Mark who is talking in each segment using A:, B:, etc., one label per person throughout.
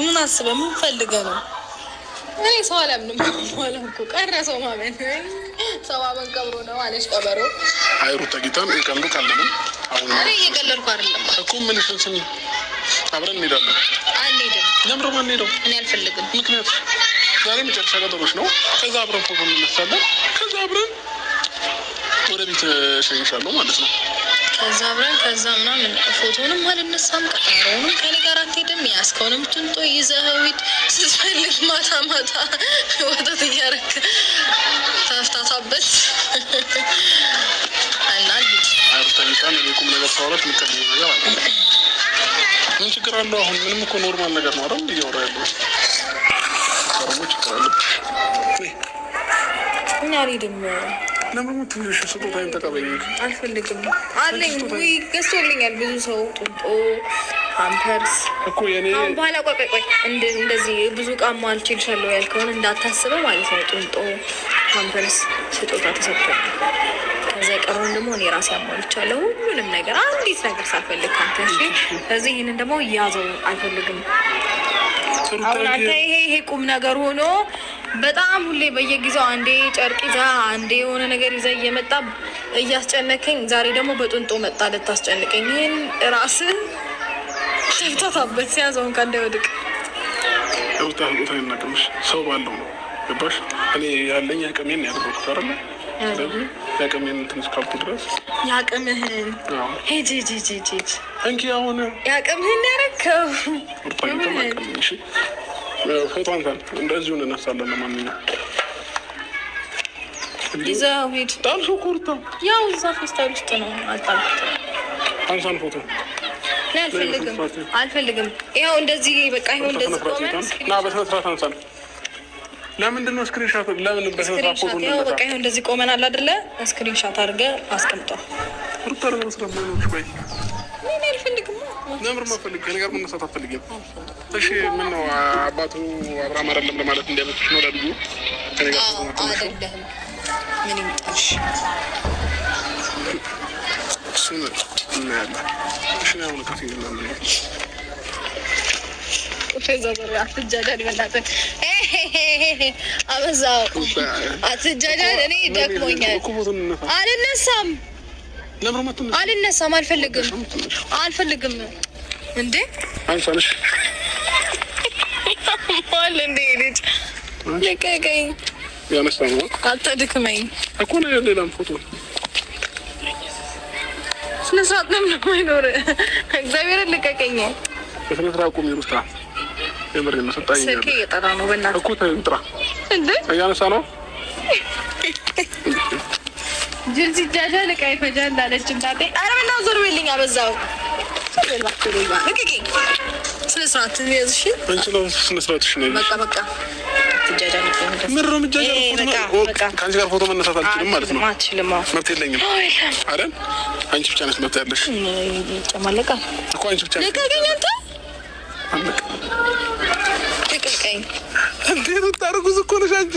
A: ምን አስበህ ምን ፈልገህ ነው? እኔ ሰው አላምንም እኮ ቀረ ሰው ማመን ሰው አመን ቀብሮ ነው አለች ቀበሮ።
B: አይ ሩታ ጌታን ቀልዱ ቀልድ ነው።
A: እየቀለድኩ አይደለም
B: እኮ የምልሽ ስሚ፣ አብረን እንሄዳለን። አንሄድም። ለምን አንሄድም?
A: እኔ አልፈልግም።
B: ምክንያት ዛሬ መጨረሻ ቀጠሮች ነው። ከዛ አብረን ፎቶ እንነሳለን። ከዛ አብረን ወደ ቤት እሸኝሻለሁ ማለት ነው
A: ከዛ አብረን ከዛ ምናምን ፎቶንም አልነሳም፣ ቀጠሮውንም ከኔ ጋር አትሄድም፣ ያስከውንም ትንጦ ይዘህዊት ስትፈልግ ማታ ማታ ወተት እያረክ ተፍታታበት እና
B: ነገር ሰውረት አለ። ምን ችግር አለው? አሁን ምንም እኮ ኖርማል ነገር ነው አይደል? እያወራ ያለው ችግር አለ እኛ ሪድም ለምን ትንሽ ስጦታ ተቀበኝ።
A: አልፈልግም አለኝ። ውይ ገዝቶልኛል ብዙ ሰው ጡጦ፣ ፓምፐርስ እኮ የኔ በኋላ ቆይ ቆይ ቆይ እንደዚህ ብዙ እቃ አልችልሻለሁ ያልከውን እንዳታስበው ማለት ነው። ጡጦ፣ ፓምፐርስ ስጦታ ተሰጥቷል። ከዛ የቀረውን ደግሞ እኔ ራሴ አሟልቻለሁ ሁሉንም ነገር አንዲት ነገር ሳልፈልግ ካንተ። እሺ እዚህ ይህንን ደግሞ እያዘው አልፈልግም። አሁን አንተ ይሄ ይሄ ቁም ነገር ሆኖ በጣም ሁሌ በየጊዜው አንዴ ጨርቅ ይዛ አንዴ የሆነ ነገር ይዛ እየመጣ እያስጨነከኝ፣ ዛሬ ደግሞ በጥንጦ መጣ ልታስጨንቀኝ። ይህን ራስ ተብታታበት ሲያዘውን እንዳይወድቅ
B: ውጣ ይናቅምሽ ሰው ባለው ነው ገባሽ? እኔ ያለኝ አቅሜን ያደረኩት አለ ያቅሜን ትንሽ ካልኩ ድረስ
A: የአቅምህን ሂጂ ሂጂ ሂጂ እንጂ አሁን የአቅምህን ያረከው
B: ፎቶ አንሳን እንደዚሁ እንነሳለን። ለማንኛውም
A: ይዘው ሂድ።
B: ጣልሽው እኮ ሩታ፣
A: ያው እዛ ፌስታል ውስጥ ነው። አልጣልኩት። አንሳን ፎቶ አልፈልግም፣ አልፈልግም። እንደዚህ በቃ ይኸው እንደዚህ ቆመን፣
B: በስነ ስርዓት አንሳን። ለምንድን ነው ስክሪንሻት? ለምን በስነ ስርዓት ፎቶ
A: ነው? በቃ ይኸው እንደዚህ ቆመን አለ አይደለ? ስክሪንሻት አድርገህ አስቀምጠው
B: ሩታ። ነምር መፈልግ ነገር መነሳት አትፈልግም። እሺ ምን ነው አባቱ አብርሃም አይደለም ለማለት እንዲያመጡሽ ነው ለልጁ ምን ይምጣሽ እሱን እናያለን። እሺ ነው
A: አበዛው። አትጃጃል። እኔ ደክሞኛል፣ አልነሳም አልነሳም አልፈልግም አልፈልግም። እንዴ አንሳለሽ ማል እንዴ ልጅ ልቀቀኝ። ያነሳኝ አታድክመኝ
B: እኮ ነው። ሌላም ፎቶ
A: ስነ ስርዓት ነው የማይኖር እግዚአብሔርን ልቀቀኝ።
B: በስነ ስርዓት ቁሚ ሩስታ። የምር መሰጣኝ
A: ስልክ እየጠራ ነው። በእናትህ እኮ ጥራ እንዴ እያነሳ ነው ጅል ሲጃጃ ልቃ ይፈጃ እንዳለች እናቴ። አረ ምነው ዞር በልኝ አበዛው ከአንቺ
B: ጋር ፎቶ መነሳት አልችልም ማለት ነው። መብት የለኝም አይደል? አንቺ ብቻ ነሽ መብት ያለሽ እኮ አንቺ ብቻ እንዴት ታርጉዝ እኮ ነሽ አንቺ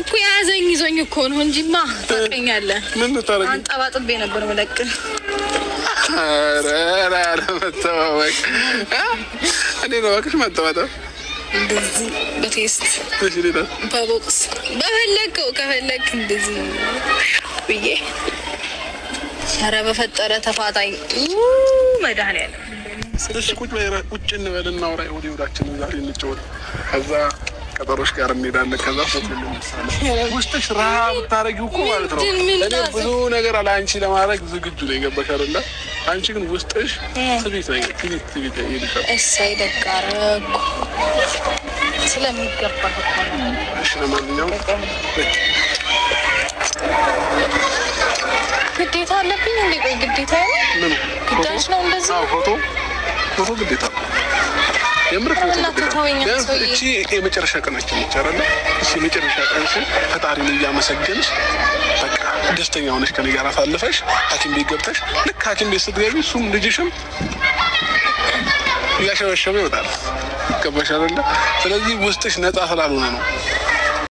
A: እኮ የያዘኝ ይዞኝ እኮ ነው እንጂማ ታውቀኛለህ። ምን ታረግ አንጠባጥቤ ነበር መለቅን
B: መተዋወቅ እኔ ነው እባክሽ መጠመጠም
A: እንደዚህ በቴስት በቦቅስ በፈለገው ከፈለግ እንደዚህ ብዬ ኧረ በፈጠረ ተፋታኝ መድኃኒዓለም።
B: እሺ ቁጭ በይ፣ ቁጭ እንበል እናውራ። ወደ ይሁዳችን ዛሬ እንጫወት ከዛ ከቀጠሮች ጋር እንሄዳለን። ከዛ ውስጥሽ ረሃ ብታረጊው እኮ ማለት ነው። እኔ ብዙ ነገር አለ አንቺ ለማድረግ ዝግጁ ነው የገባሽ አይደለ? አንቺ ግን ውስጥሽ ትቢት ትቢት ትቢት
A: ይልሻል። እሰይ ስለሚገባ
B: እሺ። ለማንኛውም
A: ግዴታ አለብኝ ግዴታ ነው ግዳጅ ነው እንደዚህ
B: ፎቶ ፎቶ ግዴታ የምር እቺ የመጨረሻ ቀናችን ይቻላል። እሺ የመጨረሻ ቀንሽን ፈጣሪን እያመሰገንሽ በቃ ደስተኛ ሆነሽ ከኔ ጋር አሳልፈሽ ሐኪም ቤት ገብተሽ ልክ ሐኪም ቤት ስትገቢ እሱም ልጅሽም እያሸበሸበ ይወጣል። ገባሽ አይደለ? ስለዚህ ውስጥሽ ነፃ ስላልሆነ ነው